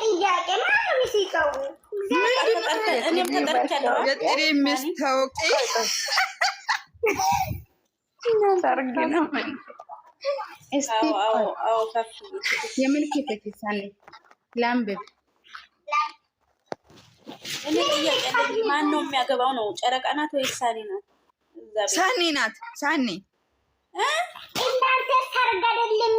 ጥያቄ ማነው የሚስቀው? የጥሪ ሚስት ሰርግ ነው። ላምብብ እኔ ጥያቄ ማን ነው የሚያገባው? ነው ጨረቃ ናት ወይስ ሳኒ ናት? ሳኒ ናት። ሳኒ እናንተ ሰርግ አይደለም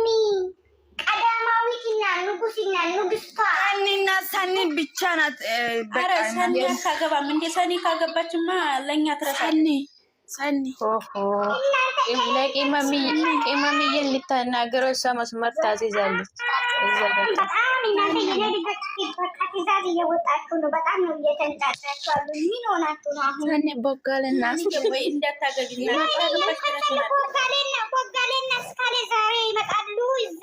ቀዳማዊትና ሰኒ ብቻ ናት። ኧረ ሰኒ አታገባም እንዴ? ሰኒ ካገባችማ ለእኛ ትረሳለች። ሰኒ ቅመምዬን ልታናገረው እሷ መስመር ታስይዛለች። ሰኒ ቦጋለና ወይ እንዳታገቢ ቦጋሌና እስካሌ ዛሬ ይመጣሉ እዛ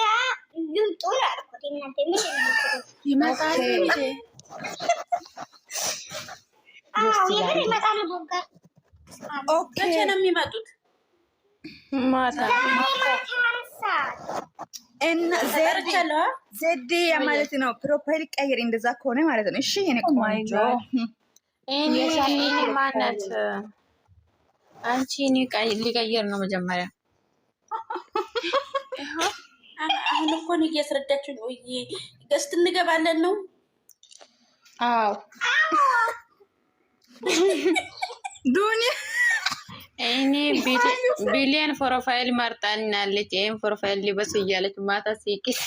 ግን ጦር አልኩት። እናንተ ምን ይመጣል? አዎ ይመጣል? ቦጋ መቼ ነው የሚመጡት? ዘዴ ማለት ነው። ፕሮፋይል ቀይር፣ እንደዛ ከሆነ ማለት ነው። እሺ የኔ oh ቆንጆ ማነት አንቺ ሊቀይር ነው መጀመሪያ አሁን እኮ ነው እያስረዳችሁ ነው። ገስት እንገባለን ነው? አዎ ዱኒ እኔ ቢሊየን ፕሮፋይል መርጣልናለች። ይህን ፕሮፋይል ሊበስ እያለች ማታ ሲቅስ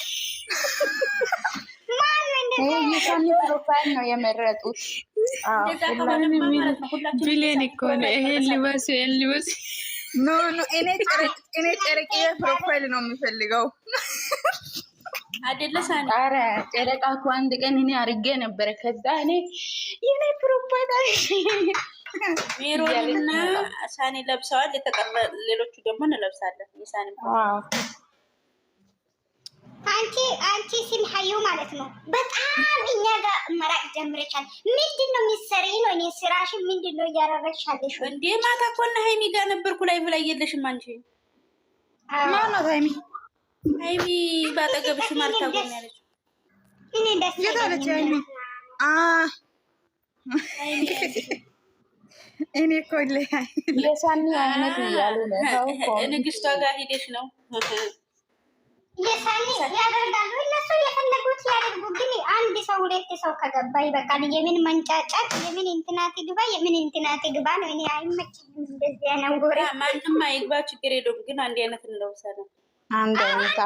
የሳሚ ፕሮፋይል ነው የመረጡት። ቢሊየን እኮ ነው ይሄን ሊበስ ይሄን ሊበስ ኑሉ እኔ ጨረቄ ፕሮፋይል ነው የምፈልገው። አደለሳን ኧረ ጨረቃ እኮ አንድ ቀን እኔ አርጌ ነበረ። ከዛ እኔ የኔ ፕሮፋይል ሜሮንና ሳኔ ለብሰዋል። ሌሎቹ ደግሞ እንለብሳለን የሳኔ አንቺ አንቺ ሲም ሀዩ ማለት ነው። በጣም እኛ ጋር መራቅ ጀምረሻል። ምንድን ነው የሚሰሪ ነው? እኔ ስራሽ ምንድን ነው? እያረረሻለሽ እንዴ? ማታ እኮ እና ሀይሚ ጋር ነበርኩ። ላይ ብላይ የለሽም አንቺ ማናት? ሀይሚ ሀይሚ ባጠገብሽ ማርታ ጎኛለች። እኔ ደስ ሀይሚ አ እኔ እኮ ለሳኒ አይነት እያሉ ነው። ንግስቷ ጋር ሂደሽ ነው ያደርጋሉ እነሱ የፈለጉት ያደርጉ። ግን አንድ ሰው ሁለት ሰው ከገባ ይበቃል። የምን መንጫጫት፣ የምን እንትናት ግባ፣ የምን እንትናት ግባ ነው። እኔ አይመችኝም እንደዚህ አይነት ወሬ። ማንም አይግባ ችግር የለውም። ግን አንድ አይነት እንለውሳለን። አንድ አይነት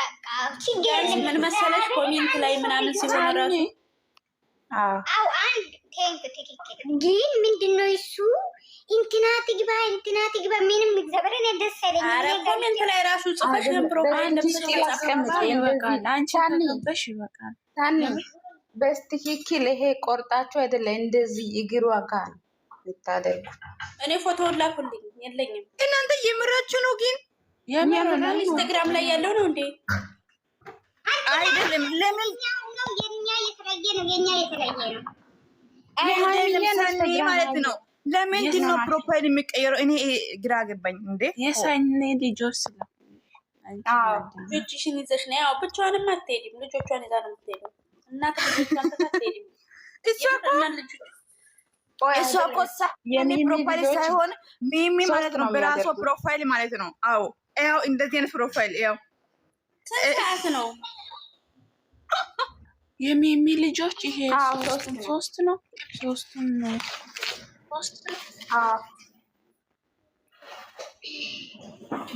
በቃ ችግር ምን መሰለሽ፣ ኮሜንት ላይ ምናምን ሲሆን ራሱ አዎ አንድ ቴንክ ትክክል። ግን ምንድነው እሱ እንትና ትግባ እንትና ትግባ ምንም እግዚአብሔርን ደስ አይለኝ። ኮሜንት ላይ ራሱ ጽፈሽ ፕሮፓጋንዳ ብትጽፍ ይበቃል። ይሄ ቆርጣችሁ አይደለ እንደዚህ እግሯ ጋር የምታደርጉ እኔ ፎቶ ላኩልኝ፣ የለኝም። እናንተ የምራችሁ ነው ግን ኢንስታግራም ላይ ያለው ነው እንዴ? አይደለም። ለምን የኛ የተለየ ነው፣ የኛ የተለየ ነው ማለት ነው። ለምንድን ነው ፕሮፋይል የሚቀየረው? እኔ ግራ ገባኝ። እንዴ የሰኔ ልጆች ልጆችሽን ይዘሽ ነው ያው፣ ብቻዋንም አትሄድም። ልጆቿን ይዛ ነው የምትሄደው። እናት ልጆቿን አትሄድም። እሷ እኮ ፕሮፋይል ሳይሆን ሚሚ ማለት ነው፣ በራሷ ፕሮፋይል ማለት ነው። አዎ ያው እንደዚህ አይነት ፕሮፋይል ያው ስንት ሰዓት ነው የሚሚ ልጆች ይሄ ሶስት ነው። ሶስት ነው ሶስት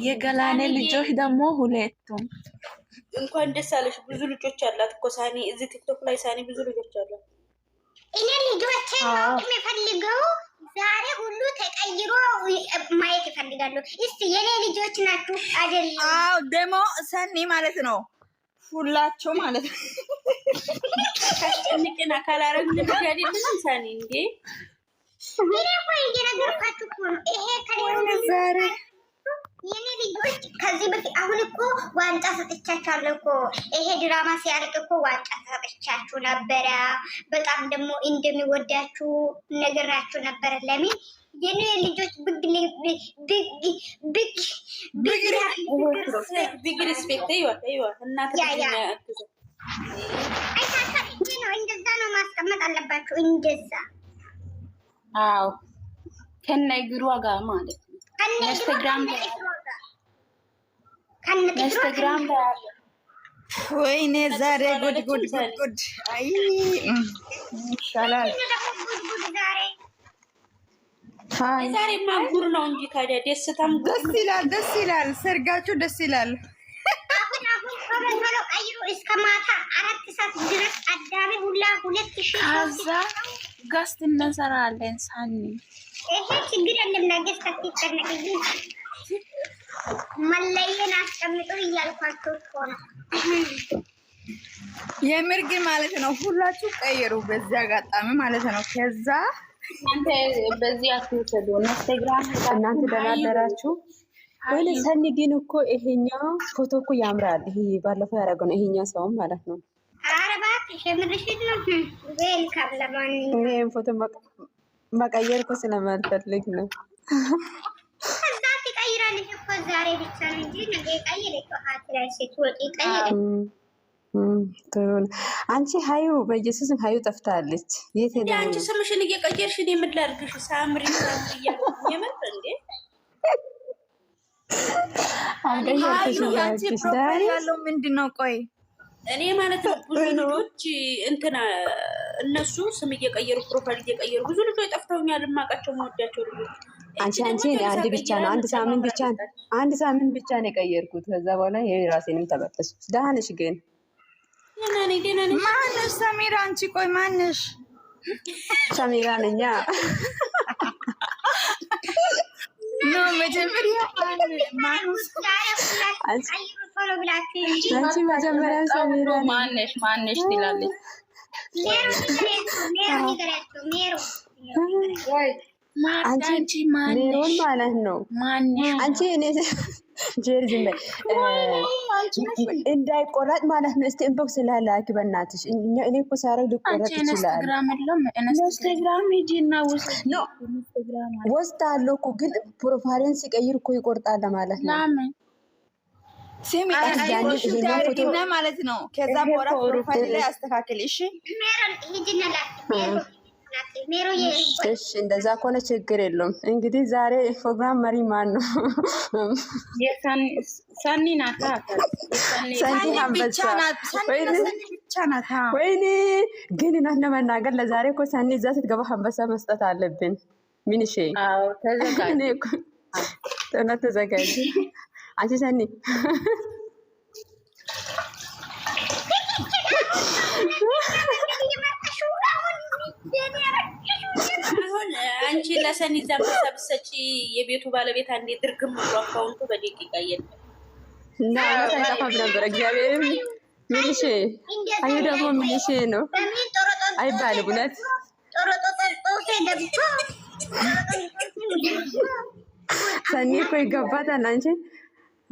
የገላኔ ልጆች ደግሞ ሁለቱም። እንኳን ደስ አለሽ። ብዙ ልጆች አላት እኮ ሳኒ። እዚህ ቲክቶክ ላይ ሳኒ ብዙ ልጆች አላት። እኔ ልጆች ማወቅ የሚፈልገው ዛሬ ሁሉ ተቀይሮ ማየት ይፈልጋሉ። እስቲ የኔ ልጆች ናችሁ አይደለም? አዎ ደግሞ ሰኒ ማለት ነው ሁላቸው ማለት ነው። አካል አረግ ያደለም ሳኔ እንዴ እየነገርኳችሁ እኮ ነው። ይሄ የኔ ልጆች ከዚህ በፊት አሁን እኮ ዋንጫ ሰጥቻችኋለሁ እኮ ይሄ ድራማ ሲያልቅ እኮ ዋንጫ ሰጥቻችሁ ነበረ። በጣም ደግሞ እንደሚወዳችሁ ነገራችሁ ነበረ ለምን የኔ ልጆች ብግ ነው። እንደዛ ነው ማስቀመጥ አለባቸው። እንደዛ አዎ፣ ከነ እግሯ ጋር ማለት ነው። ኢንስታግራም ወይኔ ዛሬ ጉድ ጉድ ጉድ ጉድ! አይ ይሻላል ዛሬማ ጉር ነው እንጂ ታዲያ ደስታም ደስ ይላል፣ ደስ ይላል። ሰርጋችሁ ደስ ይላል። እስከ ከዛ እንሰራለን። ሳኒ ይሄ ችግር የለም። መለየን አስቀምጡ እያልኳቸው እኮ ነው። ማለት ነው ሁላችሁ ቀይሩ፣ በዚህ አጋጣሚ ማለት ነው ከዛ እናንተ በዚህ አትውሰዱ። ኢንስታግራም እናንተ ወይ ሰኒ ግን እኮ ይሄኛ ፎቶ እኮ ያምራል። ይሄ ባለፈው ያደረገው ነው ይሄኛ ሰውም ማለት ነው። ይሄን ፎቶ መቀየር እኮ ስለማልፈልግ ነው። ዛሬ ብቻ ነው እንጂ ነገ አንቺ ሀዩ በኢየሱስም ሀዩ ጠፍታለች። የት ሄዳ? አንቺ ስምሽን እየቀየርሽ እኔ ምን ላድርግሽ? ሳምሪ ሳምሪ እያመር እንዴ ያለው ምንድን ነው? ቆይ እኔ ማለት ነው ብዙ ልጆች እንትና እነሱ ስም እየቀየሩ ፕሮፋይል እየቀየሩ ብዙ ልጆች ጠፍተውኛል። የማውቃቸው መወዳቸው ልጆች አንቺ አንቺ አንድ ብቻ ነው። አንድ ሳምንት ብቻ አንድ ሳምንት ብቻ ነው የቀየርኩት። ከዛ በኋላ የራሴንም ራሴንም ተበጠሱ። ደህና ነሽ ግን ማነሽ ሰሚራ? አንቺ ቆይ ማነሽ ሰሚራ? ነኛ መጀመሪያ ማነሽ ማነሽ ትላለች። አንቺ ማለት ነው ጀርዚ እንዳይቆረጥ ማለት ነው። እስቲ ኢንቦክስ ላላኪ በእናትሽ እኔ እኮ ሳረግ ሊቆረጥ ይችላል። ወስዳለሁ እኮ ግን ፕሮፋይልን ሲቀይር እኮ ይቆርጣል ማለት ነው። ስሚ ማለት ነው። ከዛ በኋላ ፕሮፋይል ላይ አስተካክል እሺ እሺ እንደዛ ከሆነ ችግር የለውም። እንግዲህ ዛሬ ፕሮግራም መሪ ማን ነው? ሰኒ ናታ። ወይኔ ግን ናት ለመናገር ለዛሬ እኮ ሰኒ እዛ ስትገባ አንበሳ መስጠት አለብን። ምን ሽ ተዘጋጅ፣ ተዘጋጅ አንቺ ሰኒ ቢሆን አንቺ ለሰኒ እዛ ሰጪ የቤቱ ባለቤት አንዴ ድርግም ብሎ አካውንቱ በደቂቃ የለም እና ጠፋፍ ነበር። እግዚአብሔር ሚልሽ አዩ ደግሞ ሚልሽ ነው አይባል እውነት ሰኒ እኮ ይገባታል። አንቺ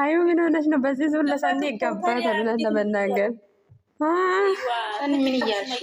አዩ ምን ሆነች ነው? በዚህ ዙር ለሰኒ ይገባታል። እውነት ለመናገር ምን እያልሽ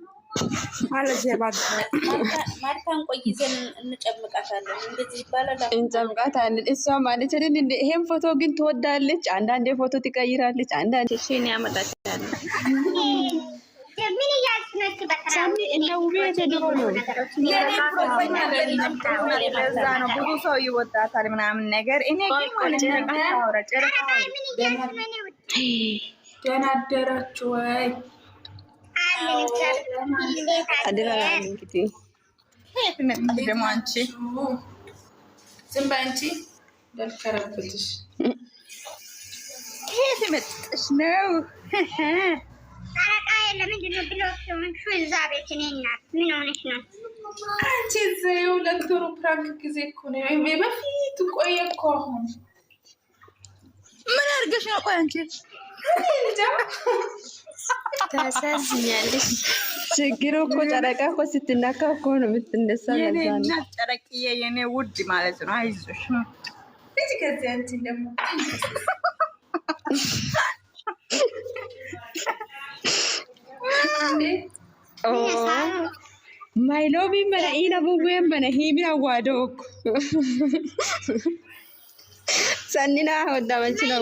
ማለትማርታን ቆይ እንጨምቃታለን። እንደዚህ ይባላል እንጨምቃታለን። ይሄን ፎቶ ግን ትወዳለች። አንዳንዴ ፎቶ ትቀይራለች። አንዳንዴ ሼን ያመጣችላለ ብዙ ሰው ይወጣታል ምናምን ነገር እኔ ግን ደህና አደራችሁ ወይ ደግሞ አንቺ ዝም በይ አንቺ በልከረብትሽ ከየት መጥሽ ነው? አረቃ ለምንድን ነው ብሎ እዛ ቤት እኔ እናት ምን ሆነሽ ነው አንቺ? እዚያው ለክቶሩ ፕራንክ ጊዜ እኮ ነው በፊት ቆየ እኮ አሁን ምን አድርገሽ ነው? ቆይ አንቺ ታሳዝኛለሽ። ችግሩ እኮ ጨረቃ እኮ ስትናካ እኮ ነው የምትነሳ። ጨረቅዬ የኔ ውድ ማለት ነው። አይዞሽ ማይሎቢ መነ ኢነቡዌን መነ ሂሚን አዋደወኩ ሰኒና ወዳ መንች ነው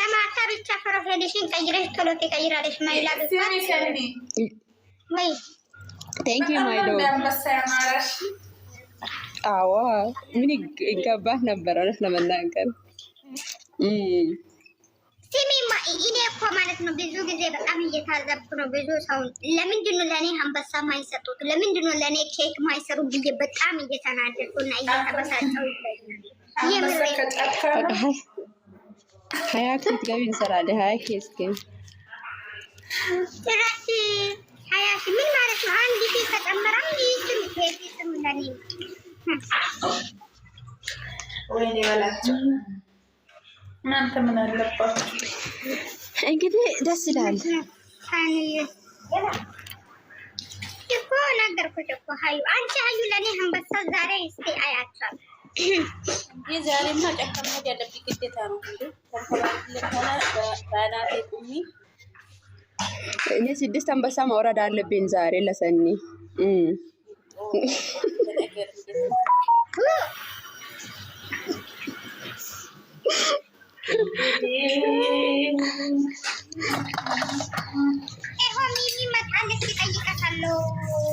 ለማታ ብቻ ፕሮፋይልሽን ቀይረሽ ቶሎ ትቀይራለሽ። ማይላ ቴንክ ዩ ማይሎ። አዎ ምን ይገባት ነበር እውነት ለመናገር ሲሚማ እኔ እኮ ማለት ነው ብዙ ጊዜ በጣም እየታዘብኩ ነው። ብዙ ሰው ለምንድን ነው ለእኔ አንበሳ ማይሰጡት? ለምንድን ነው ለእኔ ኬክ ማይሰሩ? በጣም እየተናደድኩ እና እየተበሳጨሁ ይገኛል። ሀያ ኬ ትገቢ እንሰራለን። ሀያ ኬ እስኪ ሀያ ሺ ምን ማለት ነው? አንድ ሺ ተጨመረ። እናንተ ምን አለባችሁ እንግዲህ ደስ ይላል እኮ ነገርኩሽ እኮ ሀዩ አንቺ ሀዩ ለእኔ አንበሳ ዛሬ እስኪ አያቸዋል የዛሬማ ጨከም መሄድ ያለብኝ ግዴታ ነው። እንደ ተንኮላ በአናቴ ቁሚ እኔ ስድስት አንበሳ መውረድ አለብኝ ዛሬ ለሰኒ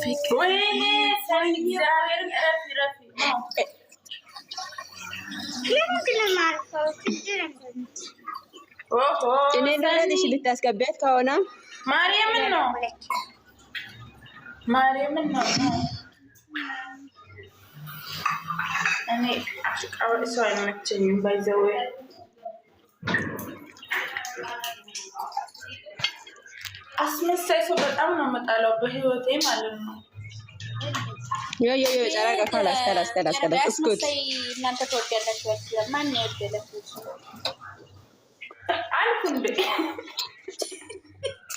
ፍቅር እኔ እንዳለሽ ልታስገቢያት ከሆነ ማርያምን ነው ማርያምን ነው። እኔ ሰው አይመቸኝም ባይዘው አስመሳይ ሰው በጣም ነው የምጠላው በህይወቴ ማለት ነው።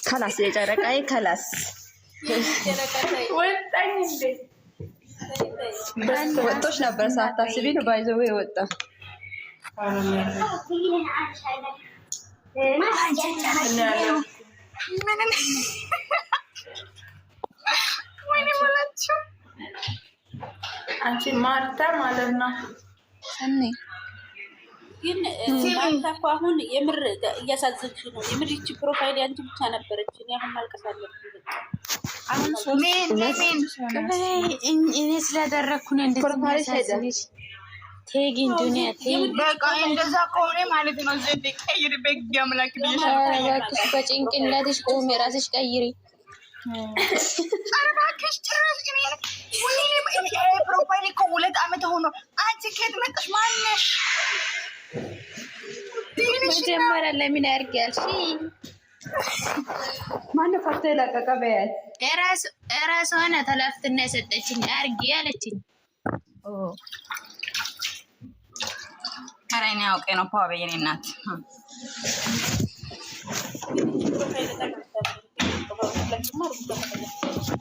ከላስ የጨረቃዬ ከላስ ወጥቶች ነበር ሳታስቢ ነው ባይዘው የወጣ ምን አንቺ ማርታ ማለት ነው። ሰኒ ግን ማርታ እኮ አሁን የምር እያሳዘች ነው። የምር ይቺ ፕሮፋይል ያንቺ ብቻ ነበረች። እኔ አሁን ማልቀስ አለብኝ። እኔ ስላደረግኩ ነው እንደዚህ ቴግ ዱኒያ ከሆነ ማለት ነው። ዘንድ ቀይሪ በጭንቅላትሽ ቁሚ፣ ራስሽ ቀይሪ ኧረ እባክሽ ሆኖ አንቺ ከየት መጣሽ? ማነሽ? መጀመሪያ ለምን አድርጊ አልሽኝ? ማነው ፎቶ የለቀቀ? በያት እራሷ ናት ኃላፊትና የሰጠችኝ አድርጊ አለችኝ። ኧረ እኔ ነው ፓ በየኔ እናት இருக்கும் சும்மா இருக்கும்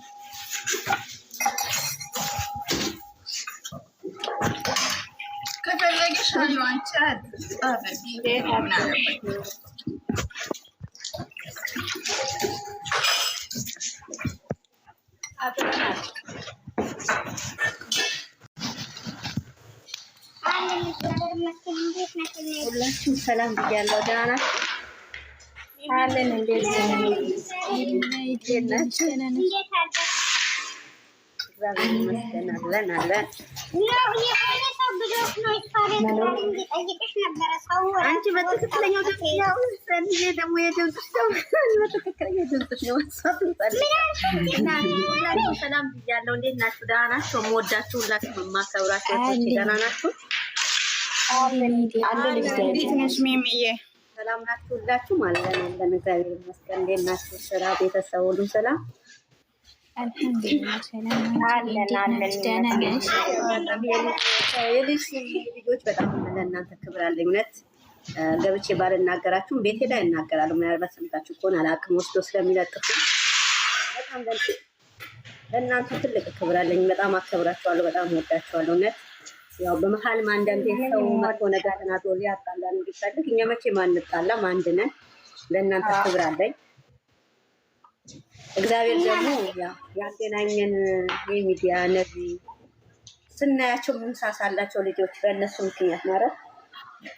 ከፈለገሽ አንዱ አንቺ አትጻፈሽ ምናምን ሁላችሁም ሰላም ብያለሁ። ደህና ናችሁ? አለን እንዴት ነው? አንቺ በትክክለኛው ደግሞ የድምፅሽ በትክክለኛው ድምፅሽ ነው። ሰላም ብያለሁ። እንዴት ናችሁ? ደህና ናችሁ? የምወዳችሁ ሁላችሁ የማከብራችሁ ደህና ናችሁ? ሰላም ናችሁ? ሁላችሁ ማለት ነው። እግዚአብሔር ይመስገን። እንዴት ናችሁ? ስራ፣ ቤተሰብ ሁሉ ሰላም? ልጆች በጣም ለእናንተ ክብር አለኝ። እውነት ገብቼ ባልናገራችሁም ቤት ሄዳ ይናገራሉ። ምናልባት ሰምታችሁ ከሆነ አላቅም ወስዶ ስለሚለጥፉ በጣም ለእናንተ ትልቅ ክብር አለኝ። በጣም አከብራችኋለሁ። በጣም ወዳችኋለሁ እውነት ያው በመሀልም አንዳንዴ ሰው መጥፎ ነገር ተናግሮ ሊያጣላን እንዲፈልግ እኛ መቼ ማንጣላ አንድ ነን። ለእናንተ ክብር አለኝ። እግዚአብሔር ደግሞ ያገናኘን የሚዲያ እነዚህ ስናያቸው ምንሳሳላቸው ልጆች በእነሱ ምክንያት ማለት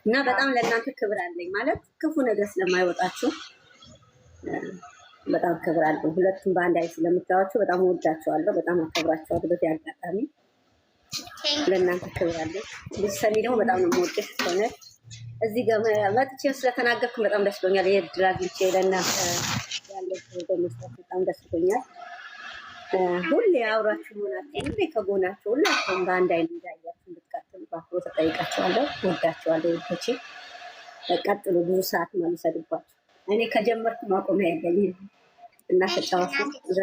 እና በጣም ለእናንተ ክብር አለኝ ማለት ክፉ ነገር ስለማይወጣችሁ በጣም ክብር አለኝ። ሁለቱም በአንድ አይ ስለምታዋቸው በጣም ወዳቸዋለሁ፣ በጣም አከብራቸዋለሁ። በዚህ አጋጣሚ ለእናንተ ክብራለች። ልጅ ሰሚ ደግሞ በጣም ነው የምወደሽ ሆነ እዚህ ጋር መጥቼ ስለተናገርኩ በጣም ደስ ብሎኛል። የድር አግኝቼ ለእናንተ ያለ በመስጠት በጣም ደስ ብሎኛል። ሁሌ አውራችሁ መሆናችሁ ሁሌ ከጎናችሁ ሁላችሁም በአንድ አይነት እንዳያችሁ እንድትቀጥሉ በአክብሮ ተጠይቃችኋለሁ። ወዳችኋለሁ። ወዶቼ ቀጥሉ። ብዙ ሰዓት ማልሰድባችሁ እኔ ከጀመርኩ ማቆሚያ የለኝም እና ተጫዋሱ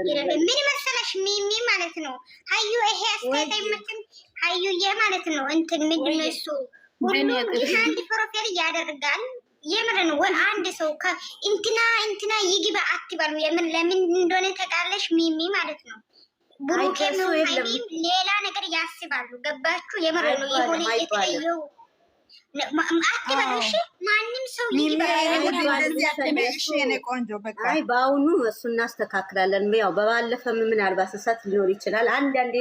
ምን መሰለሽ ሚሚ ማለት ነው አዩ ይሄ አስተያየት አይመችም ሀዩዬ ማለት ነው እንትን ምንድን ነው እሱ ሁሉም አንድ ፕሮፌል ያደርጋል። የምር ነው አንድ ሰው እንትና እንትና ይግባ አትባሉ። የምር ለምን እንደሆነ ተቃለሽ ሚሚ ማለት ነው ብሩኬ ሌላ ነገር ያስባሉ። ገባችሁ? የምር ነው የሆነ የተለየው በአሁኑ እሱ እናስተካክላለን። ያው በባለፈም ምናልባት ሊኖር ይችላል። አንዳንዴ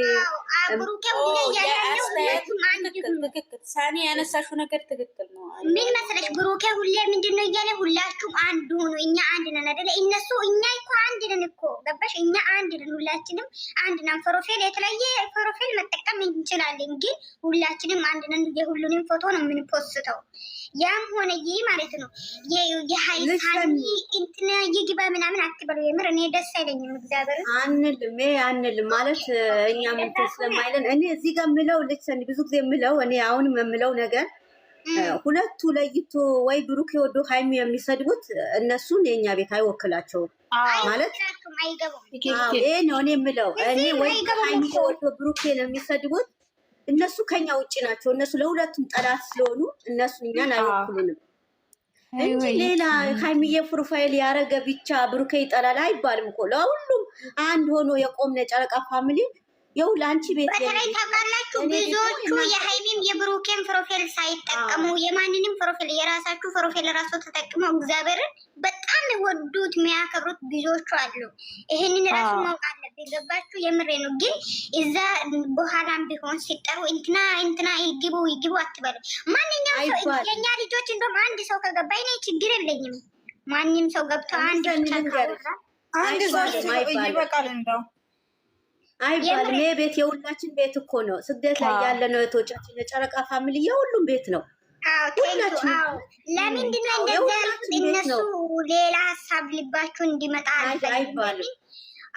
ሳኔ ያነሳሽው ነገር ትክክል ነው። ምን መሰለሽ ብሩኬ ሁሌ ምንድን ነው እያለ ሁላችሁም አንድ ሆኑ፣ እኛ አንድ ነን አይደለ? እነሱ እኛ እኮ አንድ ነን እኮ ገባሽ? እኛ አንድ ነን፣ ሁላችንም አንድ ነን። መጠቀም እንችላለን፣ ግን ሁላችንም አንድ ነን። የሁሉንም ፎቶ ነው የምንፖ የምትፖስተው። ያም ሆነ ይህ ማለት ነው የሀይሳሚ እንትና ይግባ ምናምን አትበሉ። የምር እኔ ደስ አይለኝም። እግዚአብሔር አንልም ይ አንልም ማለት እኛ ምንት ስለማይለን እኔ እዚህ ጋር ምለው ልሰን ብዙ ጊዜ ምለው እኔ አሁን የምለው ነገር ሁለቱ ለይቶ ወይ ብሩክ የወዶ ሀይሚ የሚሰድቡት እነሱን የእኛ ቤት አይወክላቸውም ማለት ይሄ ነው እኔ ምለው እኔ ወይ ሀይሚ የወዶ ብሩክ ነው የሚሰድቡት እነሱ ከኛ ውጭ ናቸው። እነሱ ለሁለቱም ጠላት ስለሆኑ እነሱን እኛን አይወክሉንም እንጂ ሌላ ሀይሚዬ ፕሮፋይል ያረገ ብቻ ብሩኬ ይጠላል አይባልም እኮ ለሁሉም አንድ ሆኖ የቆምን የጨረቃ ፋሚሊ የው ለአንቺ ቤት በተለይ ታውቃላችሁ፣ ብዙዎቹ የሀይሚም የብሩኬን ፕሮፌል ሳይጠቀሙ የማንንም ፕሮፌል የራሳችሁ ፕሮፌል ራሱ ተጠቅመው እግዚአብሔርን የሚወዱት የሚያከብሩት ብዙዎቹ አሉ። ይህንን ራሱ ማወቅ አለብህ። ገባችሁ? የምሬ ነው። ግን እዛ በኋላም ቢሆን ሲጠሩ እንትና እንትና ይግቡ ይግቡ አትበሉ። ማንኛውም ሰው የኛ ልጆች እንደም አንድ ሰው ከገባ ይኔ ችግር የለኝም። ማንም ሰው ገብቶ አንድ አንድ ይበቃል እንደው አይባልም። ይህ ቤት የሁላችን ቤት እኮ ነው። ስደት ላይ ያለ ነው። እህቶቻችን የጨረቃ ፋሚሊ የሁሉም ቤት ነው። ለምንድነው እንደዚህ እነሱ ሌላ ሀሳብ ልባችሁ እንዲመጣ አልፈልግም።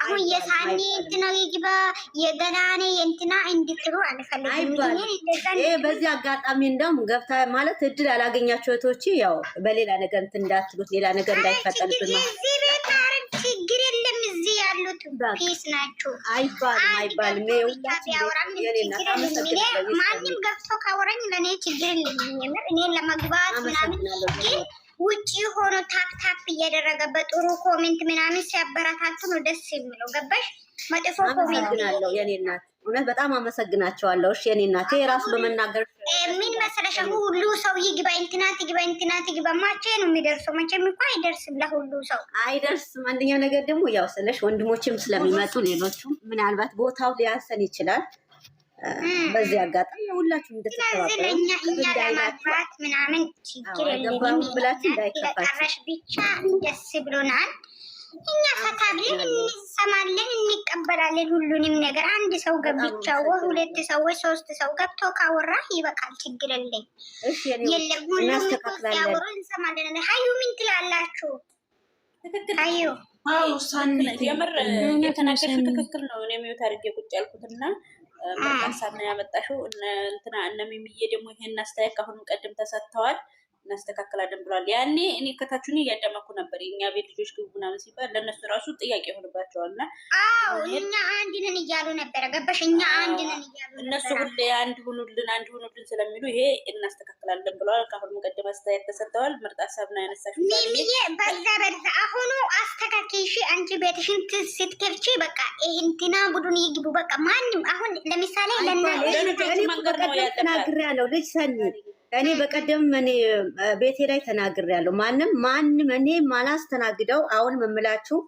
አሁን የሳኒ እንትና ይግባ የገናኔ እንትና እንድትሉ አልፈልግም። በዚህ አጋጣሚ እንደውም ገብታ ማለት እድል ያላገኛቸው እህቶች ያው በሌላ ነገር እንትን እንዳትሉት ሌላ ነገር እንዳይፈጠርብን ፒስ ናችሁ አይባልም፣ አይባልም። ማንም ገብቶ ካወራኝ ለእኔ ችግር የለኝም። እኔን ለመግባት ምናምን ግን ውጭ ሆኖ ታፕ ታፕ እያደረገ በጥሩ ኮሜንት ምናምን ሲያበረታቱ ነው ደስ የሚለው። ገባሽ? መጥፎ ኮሜንት አለው። የኔ እናት እውነት በጣም አመሰግናቸዋለሁ። እሺ የኔ እናት የራሱ በመናገር ምን መሰለሽ ሁሉ ሰው ይግባ እንትና ትግባ እንትና ትግባ ማቼ ነው የሚደርሰው? መቼም እኮ አይደርስም፣ ለሁሉ ሰው አይደርስም። አንደኛ ነገር ደግሞ ያው ስለሽ ወንድሞችም ስለሚመጡ ሌሎቹም ምናልባት ቦታው ሊያንሰን ይችላል። በዚህ አጋጣሚ ሁላችሁ እንደተሰራለኛ ምናምን ችግር የለም ብላችሁ እንዳይከፋችሁ ብቻ ደስ ብሎናል። እኛ ፈታብለን እንሰማለን እንቀበላለን ሁሉንም ነገር። አንድ ሰው ገብቻ ወይ ሁለት ሰዎች ሶስት ሰው ገብቶ ካወራ ይበቃል፣ ችግር የለም። የለም ሁሉም ሲያወሩ እንሰማለን። ሀዩ ምን ትላላችሁ? ሀዩ የምር የተናገርሽ ትክክል ነው። እኔም ታርጌ ቁጭ ያልኩትና መርሳና ያመጣሽው እንትና እነ ደግሞ ይሄን አስተያየት ከአሁኑ ቀደም ተሰጥተዋል። እናስተካክላለን ብሏል። ያኔ እኔ ከታችሁን እያዳመኩ ነበር። የኛ ቤት ልጆች ግቡ ምናምን ሲባል ለእነሱ ራሱ ጥያቄ ይሆንባቸዋል። እና እኛ አንድ ነን እያሉ ነበረ። ገባሽ? እኛ አንድ ነን እያሉ እነሱ ሁሌ አንድ ሁኑልን፣ አንድ ሁኑልን ስለሚሉ ይሄ እናስተካክላለን ብለዋል። ከአሁን ቀደም አስተያየት ተሰጥተዋል። ምርጥ ሀሳብ ነው ያነሳሽ ሚሚዬ። በዛ በዛ አሁኑ አስተካክል አንቺ ቤትሽን ስትከፍቺ በቃ ይህንትና ቡድን ይግቡ በቃ ማንም አሁን ለምሳሌ ለናለች መንገድ ነው ያለናግር ያለው ልጅ ሰኒ እኔ በቀደም እኔ ቤቴ ላይ ያለው ማንም ማንም እኔ ማላስተናግደው አሁን መምላችሁ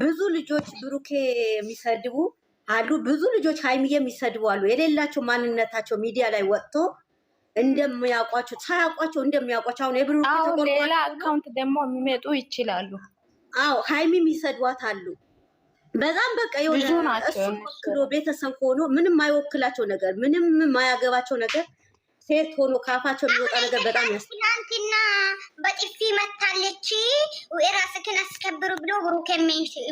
ብዙ ልጆች ብሩኬ የሚሰድቡ አሉ፣ ብዙ ልጆች ሀይሚዬ የሚሰድቡ አሉ። የሌላቸው ማንነታቸው ሚዲያ ላይ ወጥቶ እንደሚያውቋቸው ሳያውቋቸው እንደሚያውቋቸው አሁን የብሩኬ ሌላ አካውንት ደግሞ የሚመጡ ይችላሉ። አዎ ሀይሚ የሚሰድዋት አሉ። በጣም በቃ የሆነ እሱ ወክሎ ቤተሰብ ሆኖ ምንም ማይወክላቸው ነገር ምንም ማያገባቸው ነገር ሴት ሆኖ ካፋቸው የሚወጣ ነገር በጣም ያስ ትናንትና በጥፊ መታለች። ራስክን አስከብሩ ብሎ ብሩክ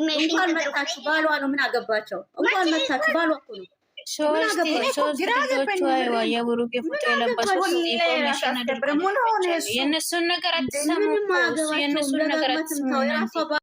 እንኳን መታችሁ ባሏ ነው። ምን አገባቸው? እንኳን መታችሁ ባሏ እኮ ነው። የእነሱን ነገር አትሰሙ። የእነሱን ነገር አትሰሙ።